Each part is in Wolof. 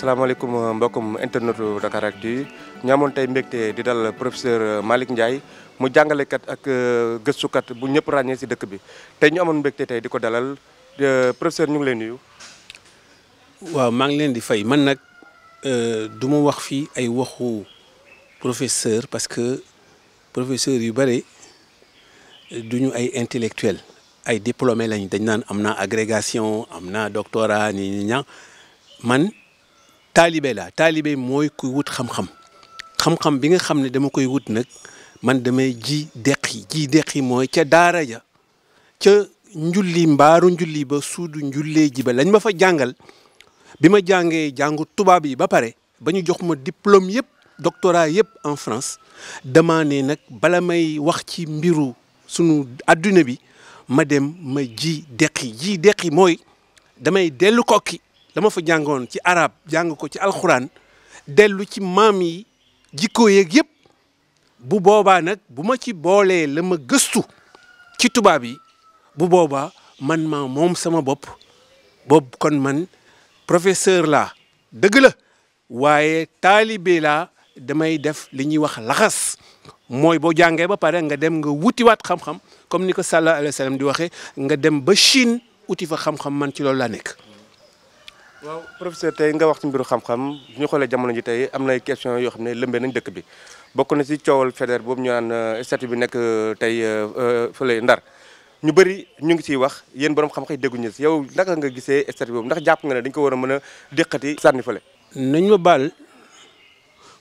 asalaamaaleykum euh, mbokum internetu Dakaractu ñu amoon tey mbégte di dal professeur euh, Malik Ndiaye mu kat ak geussu kat bu ñepp rañé ci dëkk bi tay ñu amoon mbekté tay diko dalal euh, professeur ñu ngi lay nuyu. waaw ma ngi leen di fay man nak euh duma wax fi ay waxu professeur parce que professeur yu bari duñu ay intellectuel ay diplômé lañ dañ nan amna agrégation amna doctorat ni ña man taalibe laa taalibe mooy ku wut xam-xam xam-xam bi nga xam ne dama koy wut nag man damay ji deqi ji deqi mooy ca daara ja ca njulli mbaaru njulli ba suudu njullee ji ba lañ ma fa jàngal bi ma jàngee jàngu tubaab yi ba pare ba ñu jox ma diplôme yëpp doctorat yëpp en France dama ne nag bala may wax ci mbiru sunu adduna bi ma dem ma ji deqi ji deqi mooy damay dellu kokki la ma fa jàngoon ci araab jàng ko ci alxuraan dellu ci maam yi jikko yeeg yëpp bu boobaa nag bu ma ci boolee la ma gëstu ci tubaab yi bu boobaa man maa moom sama bopp boobu kon man professeur la dëgg la waaye taalibe la damay def li ñuy wax laxas mooy boo jàngee ba pare nga dem nga wutiwaat xam-xam comme ni ko sallallahu alayhi wa di waxee nga dem ba Chine wuti fa xam-xam man ci loolu laa nekk waaw professeur tey nga wax ci mbiru xam-xam ñu xoolee jamono ji tey am na ay question yoo xam ne lëmbee nañ bi bokk na ci coowal fédère boobu ñu naan euh, statut bi nekk euh, tey euh, fële ndar ñu bëri ñu ngi ciy wax yéen borom xam dégguñu si yow naka nga gisee statut boobu ndax jàpp nga dañ ko war a mën a déqati sànni fële nañ ma baal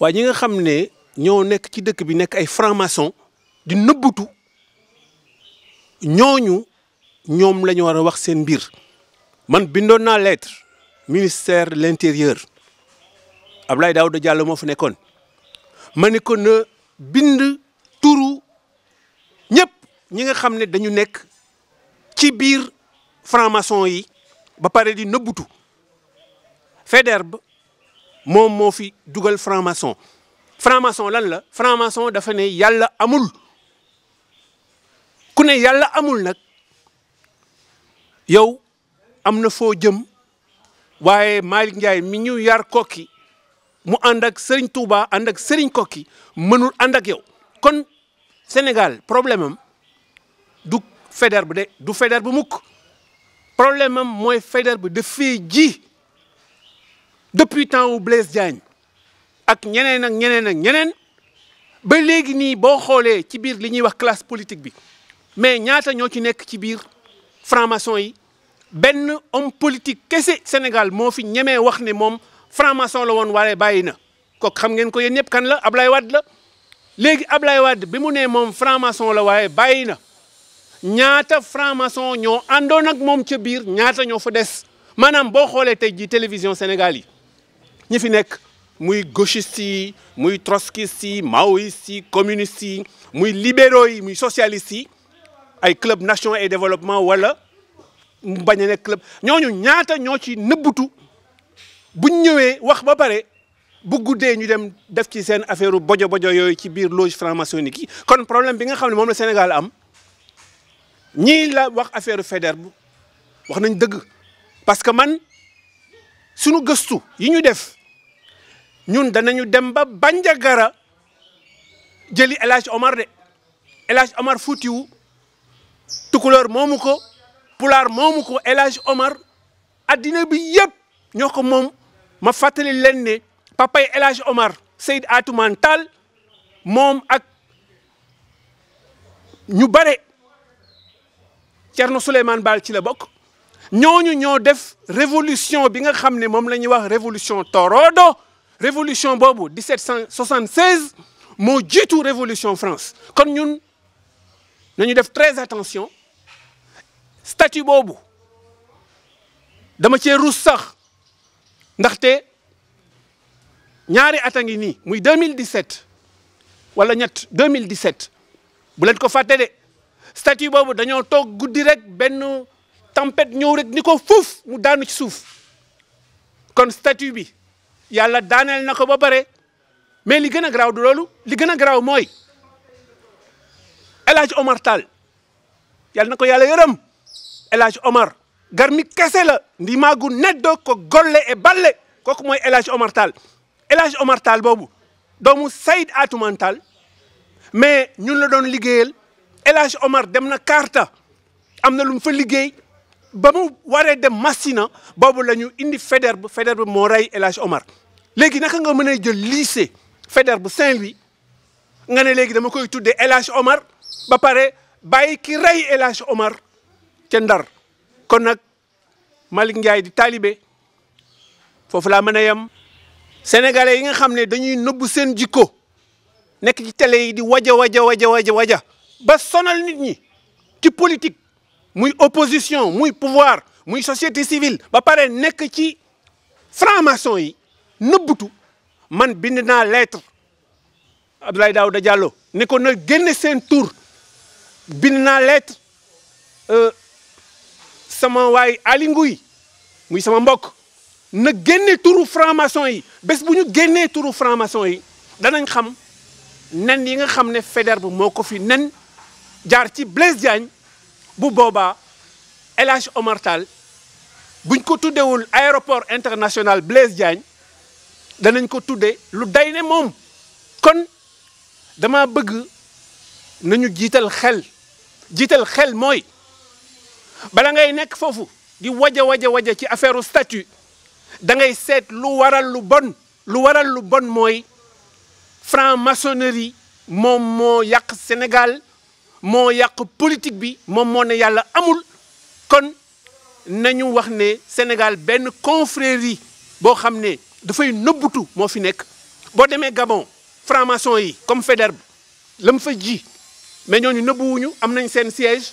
waaye ñi nga xam ne ñoo nekk ci dëkk bi nekk ay franc di nëbbutu ñooñu ñoom la war a wax seen mbir man bindoon naa lettre ministère de l'intérieur Abdoulaye Daouda Diallo moo fa nekkoon ma ne bind turu ñep ñi nga xam dañu nek ci bir franc-maçon yi ba paré di neubutu Federbe mom mo fi dougal franc-maçon franc-maçon lan la franc-maçon dafa yalla amul ku ne yalla amul nak yow amna fo jëm waaye Malick Ndiaye mi ñu yar kokki mu ànd ak Serigne Touba ànd ak sëriñ kokki mënul ànd ak yow kon Sénégal problème am du Faidherbe de du Faidherbe mukk problème am mooy Faidherbe dafay ji depuis temps wu Blaise Diagne ak ñeneen ak ñeneen ak ñeneen ba léegi nii boo xoolee ci biir li ñuy wax classe politique bi mais ñaata ñoo ci nekk ci biir franc yi Ben homme politique kessé Sénégal mo fi ñëmé wax ne mom franc-maçon la won waré Ils ko xam ngeen ko yeen ñep kan la Ablaye Wade la légui Ablaye Wade bi mu né mom franc-maçon la bayina na ñaata franc-maçon ñoo Ils ak mom ci ñaata fa des manam bo xolé tay télévision Sénégal yi ñi fi muy gauchiste muy trotskiste maoïste communiste muy libéraux muy club nation et développement mu bañ a nekk club ñooñu ñaata ñoo ci nëbbutu buñ wax ba pare bu guddee ñu dem def ci seen affaire bojo bojo yooyu ci biir loge franc-maçonnique kon problème bi nga xam ne moom la Sénégal am ñii la wax affaire Faidherbe wax nañ dëgg parce que man sunu gëstu yi ñu def ñun danañu dem ba banjagara jeli El Omar de El Hadj Omar Foutiou tukulóor moomu ko pulaar moomu ko El Hadj Omar adina bi yëpp ñoko mom ma fatali len ne papay El Hadj Omar Seyd Atumaan tal mom ak ñu bare Cerno Souleymane Bal ci la bokk ñooñu ñoo def révolution bi nga xamne mom moom wax révolution Torodo révolution bobu 1776 mo jiitu révolution France kon ñun nañu def très attention statut boobu dama cee rus sax ndaxte ñaari at a ngi nii muy 2017 wala ñett 2017 bu leen ko fàtte de statut boobu dañoo toog guddi rek benn tempête ñëw rek ni ko fuuf mu daanu ci suuf kon statut bi yàlla daaneel na ko ba bare mais li gën a garaaw du loolu li gën a garaaw mooy El Hadj Omar Tall yàlla na ko yàlla yërëm El Omar garmi mi la ndi magu neddo ko golle e balle ko mooy El Hadj Omar tal El Omar tal bobu doomu Saïd Atoumane Tall mais ñun la doon liggéeyal El Omar dem na Karta amna lu mu fa liggéey ba mu waré dem Massina la indi Faidherbe Faidherbe mo ray Omar légui naka nga mëna jël lycée Faidherbe Saint-Louis nga né légui dama koy tuddé El Omar ba paré bàyyi ki Omar ci ndar kon nak di sénégalais yi nga dañuy sen waja waja waja waja waja ba politique muy opposition muy pouvoir muy société civile ba ci franc-maçon yi man bind lettre ne na lettre euh, sama way alingui Ngouille muy sama mbok na génne touru franc-maçon yi bés buñu ñu touru turu franc-maçon yi danañ xam nen yi nga xam ne Faidherbe moo fi nen jaar ci Blaise Diagne bu boba lh Omar buñ ko tuddewul aéroport international Blaise Diagne danañ ko tudde lu day ne kon dama bëgg nañu jiital xel jiital xel moy bala ngay nekk foofu di waja waja waja ci affaire statut da ngay seet lu waral lu bon lu waral lu bon mooy franc-maçonnerie moom moo yàq Sénégal moo yàq politique bi moom moo ne yàlla amul kon nañu wax ne Sénégal benn confrérie boo xam ne dafay nëbbutu moo fi nekk boo demee Gabon franc-maçon yi comme Faidherbe bi mu fa ji mais ñooñu nëbbuwuñu am nañ seen siège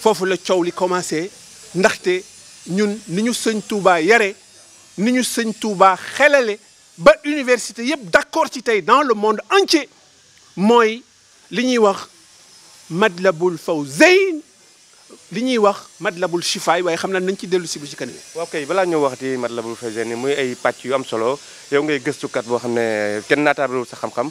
fofu la coow li commencé ndaxte ñun niñu seigne Touba yaré niñu seigne Touba xelale ba université yépp d'accord ci tay dans le monde entier moy liñuy wax madlabul fawzayn liñuy wax madlabul shifaay waaye xamna nañ ci dellu ci bu ci kanam. waaw bala ñu wax waxati madlabul fawzayn muy ay patch yu am solo yow ngay gëstukat kat bo xamné kenn naataarul sa xam-xam.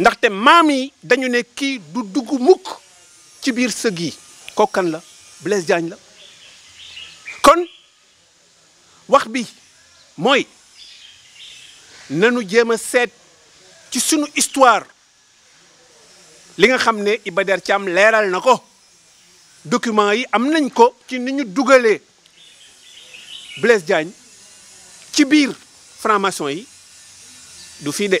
ndaxte maam yi dañu ne kii du dugg mukk ci biir sëg yi kooku la Blaise Diagne la kon wax bi mooy nanu jéem a seet ci sunu histoire li nga xam ne Iba ci am leeral na ko document yi am nañ ko ci ni ñu dugalee Blaise Diagne ci biir framation yi du fii de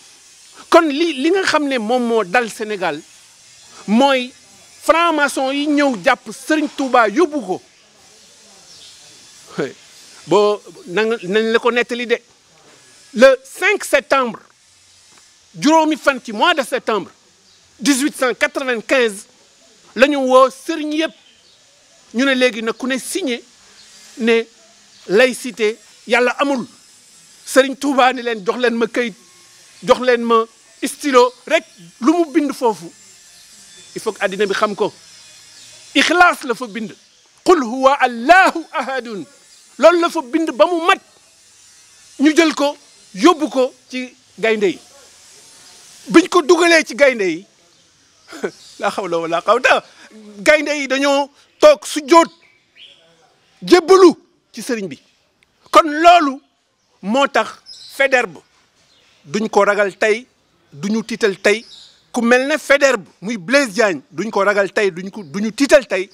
kon li li nga xamné ne dal Sénégal moy franc-maçon yi ñëw japp Serigne Touba yóbbu ko nañ la ko netali dé le 5 septembre juróomi fan ci mois de septembre 1895 lañu wo serigne sëriñ ñu ne léegi nag ku ne signé né laïcité yalla amul Serigne Touba ni leen jox leen ma keuy jox leen ma. stylo rek lu mu bind fofu il faut que adina bi xam ko ikhlas la fa bind qul huwa allah ahad lol la fa bind ba mu mat ñu jël ko yóbbu ko ci gaynde yi biñ ko dugalee ci gaynde yi la xawla wala qawta gaynde yi dañoo tok su jot jébbalu ci serigne bi kon lolou motax federbe duñ ko ragal tay duñu tittel tay ku melne ne muy Blaise Diagne duñ ko ragal tay duñ ko duñu tittel tay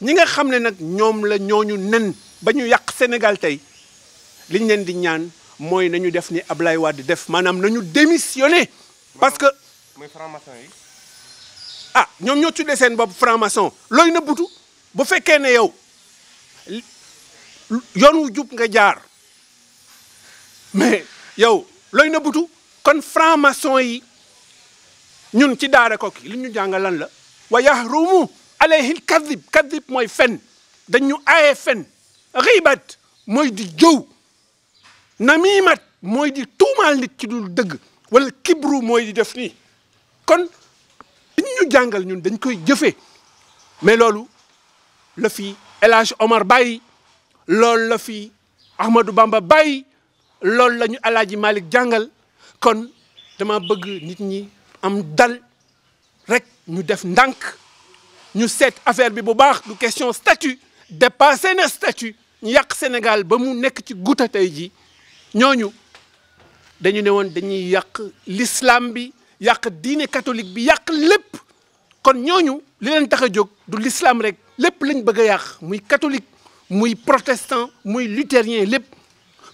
ñi nga xam ne la ñoñu nen bañu yak senegal tay liñ leen di ñaan moy nañu def ni Ablaye wad def manam nañu parce que muy franc-maçon yi ah ñom ñoo tuddee sen bob franc-maçon bu ne yow yoonu jup nga jaar mais yow looy butu. kon franc yi ñun ci daara Koki li ñu jàngal lan la wa yahrumu alayhil kadib kadib mooy fen dañu aaye fen riibat mooy di jow namimat mooy di tuumaal nit ci dul dëgg wala kibru mooy di def ni kon li ñu jàngal ñun dañ koy jëfe mais loolu la fi El Hadj Omar Baye loolu la fi Ahmadou Bamba Baye loolu lañu ñu malik jàngal kon dama bëgg nit ñi am dal rek ñu def ñu affaire bi bu baax du question statut dépasser na statut ñu Sénégal ba mu nekk ci guta tay ji ñoñu dañu néwon dañuy l'islam bi yak diine catholique bi yak kon ñoñu l'islam rek Nous lañ bëgg yak muy catholique muy protestant muy luthérien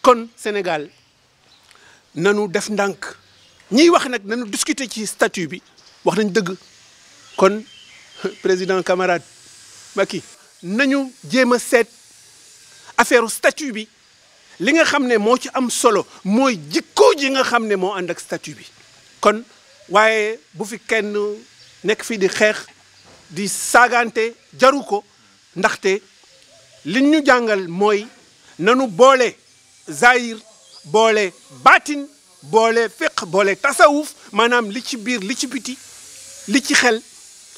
kon Sénégal nanu def ndànk ñiy wax nag nanu discuter ci statut bi wax nañ dëgg kon président camarade Macky nañu jéem a seet affaire statut bi li nga xam ne moo ci am solo mooy jikko ji nga xam ne moo ànd ak bi kon waaye bu fi kenn nekk fii di xeex di sagante jaru ko ndaxte li ñu jàngal mooy nanu boole zahir bolé batin bolé fiq bolé tasawuf manam li ci bir li ci biti li ci xel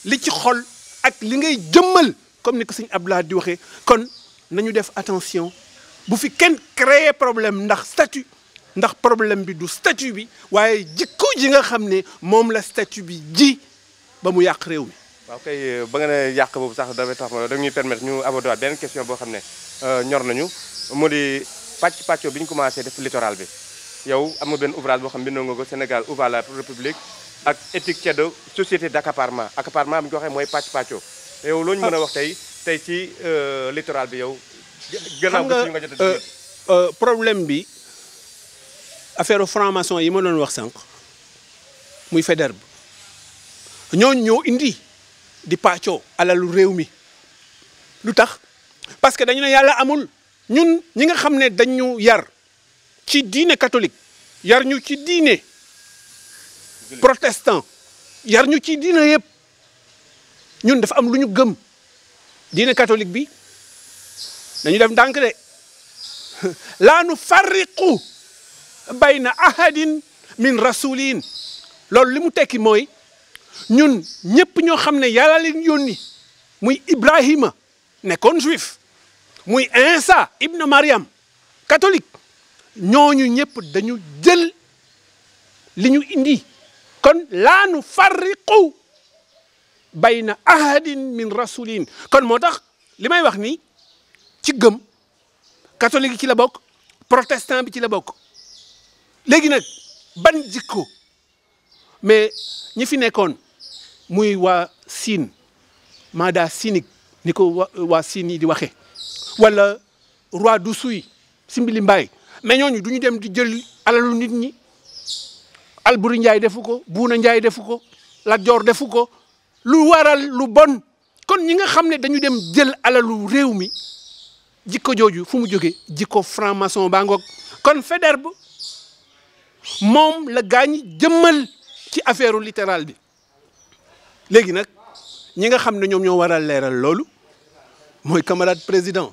li ci xol ak li ngay jëmmal comme ni ko sëñ Abdoulaye di waxé kon nañu def attention bu fi ken créer problème ndax statut ndax problème bi du statut bi waaye jikko ji nga xamné mom la statut bi ji ba mu yaq rew mi. waaw kay ba nga ne yàq boobu sax dafay tax da ñuy permettre ñu aborder benn question bo xamné ne euh, ñor nañu mu pàcc pàccoo bi ñu commencé def littoral bi yow amu ben ouvrage bo xam bindo nga ko Sénégal ouvre la république ak éthique ceddo société d' accaparement accaparement bi moy ko waxee yow loñ mëna wax tay tay ci euh, littoral bi yow. gannaaw nga nga jot euh, euh, problème bi affaire franc-maçon yi ma doon wax sànq muy Faidherbe ñooñu ñoo indi di pàccoo alalu réew mi lu tax parce que dañu ne yàlla amul. ñun ñi nga xam ne dañu yar ci diine catholique yar ñu ci diine protestant yar ñu ci diine yëpp ñun dafa am lu ñu gëm diine catholique bi dañu def ndànk de laa nu farriqu bayna ahadin min rasuliin loolu li mu tekki mooy ñun ñëpp ñoo xam ne yàlla leen yónni muy Ibrahima nekkoon juif muy Insa ibnu Mariam catholique ñooñu ñëpp dañu jël li ñu indi kon laa nu farriqu bayna ahadin min rasulin kon moo limay li may wax ni ci gëm catholique ci la bokk protestant bi ci la bokk léegi nag ban jikko mais ñi fi nekkoon muy waa siin maada sinig ni di waxee wala roi du suy simbili mbaay mais ñooñu du ñu dem di jël alalu nit ñi Alburi Njaay defu ko Buuna Njaay defu ko Lat Joor defu ko lu waral lu bon kon ñi nga xam ne dañu dem jël alalu réew mi jikko jooju fu mu jóge jikko franc-maçon baa kon kon Faidherbe moom la gaañ jëmmal ci affaire littoral bi léegi nag ñi nga xam ne ñoom ñoo waral leeral loolu mooy camarade président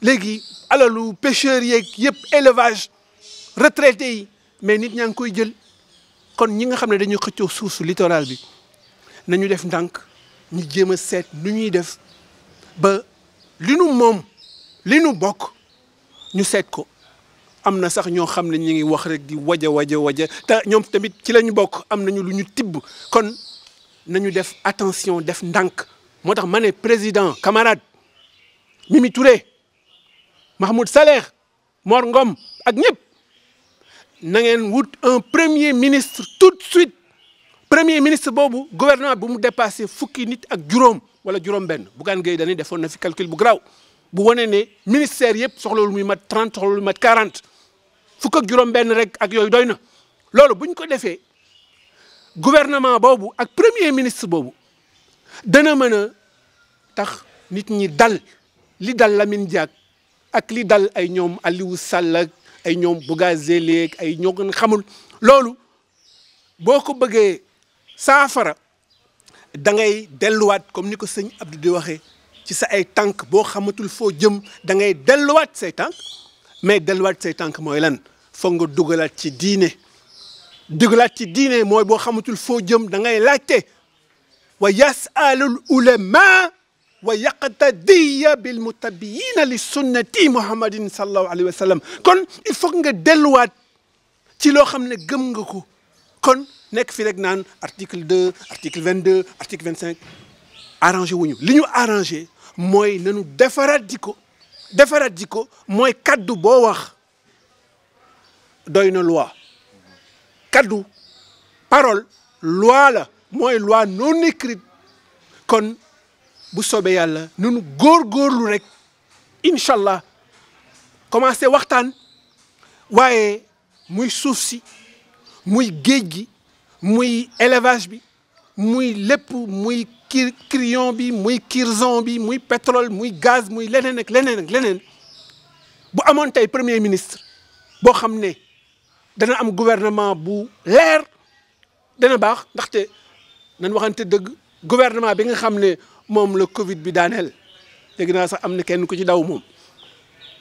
léegi alalu pêcheurs yeeg yëpp élevage retraités mais nit ñaa ngi koy jël kon ñi nga xam ne dañuy xëccoo suuf su littoral bi nañu def ndànk ñu jéem a seet lu ñuy def ba li nu moom li nu bokk ñu seet ko am na sax ñoo xam na ñu ngi wax rek di waja waja waja te ñoom tamit ci la ñu bokk am nañu lu ñu tibb kon nañu def attention def ndànk moo tax ma ne président camarade Mimi Touré Mahmoud Saleh Mor Ngom ak ñëpp un premier ministre tout de suite premier ministre bobu gouvernement bobu mu dépassé fukki nit ak juróom wala juróom-benn Bougane Gueye Dany defoon na fi calcul bu graw bu des ministères ministère yëpp soxlawul muy 30 soxlawul muy mat 40 fukk ak juróom ben rek ak yooyu doy na loolu ko gouvernement bobu ak premier ministre bobu. dana mën a tax nit ñi dal li dal Lamine Diack ak li dal ay ñoom Aliou Sall ak ay ñoom Bougazeli ay ñoo gën xamul loolu boo ko bëggee saafara da ngay delluwaat comme ni ko sëñ Abdou di waxee ci sa ay tànk boo xamatul foo jëm da ngay delluwaat say tànk mais delluwaat say tànk mooy lan foog nga dugalaat ci diine dugalaat ci diine mooy boo xamatul foo jëm da ngay laajte wa yasalul ulama ويقتدي بالمتبعين للسنة محمد صلى الله عليه وسلم كن الفوق نغا دلوات تي لو خامن گم نغاكو في رك ارتيكل 2 ارتيكل 22 ارتيكل 25 ارانجي وونو لينو ارانجي موي نانو ديفرات ديكو ديفرات ديكو موي كادو بو دوينو لوا كادو بارول لوا la moy loi non كن bu sommes yàlla nous góorgóorlu rek Inshallah, commencé waxtaan waaye muy suuf si muy géej muy élevage bi muy muy kir bi muy bi muy pétrole muy gaz muy leneen ak leneen ak bu premier ministre boo gouvernement bu leer dana baax ndaxte nañ waxante gouvernement bi nga mom le Covid bi danel dégg naa sax am kenn ku ci daw mom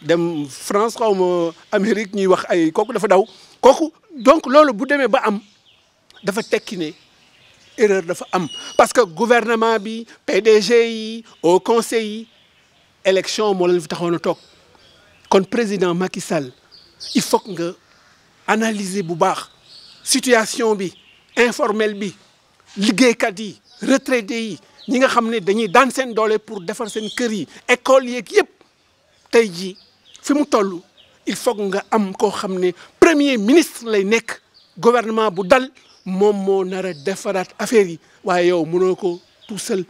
dem France xaw ma Amérique ñuy wax ay koku dafa daw koku donc lolu bu demee ba am dafa tekki erreur dafa am parce que gouvernement bi PDG yi au conseil élection moo leen fi taxoon a kon président Macky Sall il faut nga analyser bu baax situation bi informel bi liggéeykat yi retraité yi ñi nga xamné dañuy dan sen doole pour défar sen kër yi école yeeg yëpp tey jii fi mu il faut nga am ko xamné premier ministre lay nek, gouvernement bu dal mom mo nara défarat affaire yi waye yow mëno ko tout seul.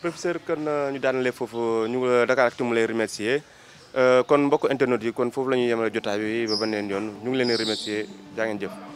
professeur kon euh, ñu danalé fofu ñu euh, Dakaractu mu lay remercier euh, kon mbokk internet yi kon fofu lañu ñuy yemale jotaay bi ba banen yoon ñu ngi leen remercier jaa jëf.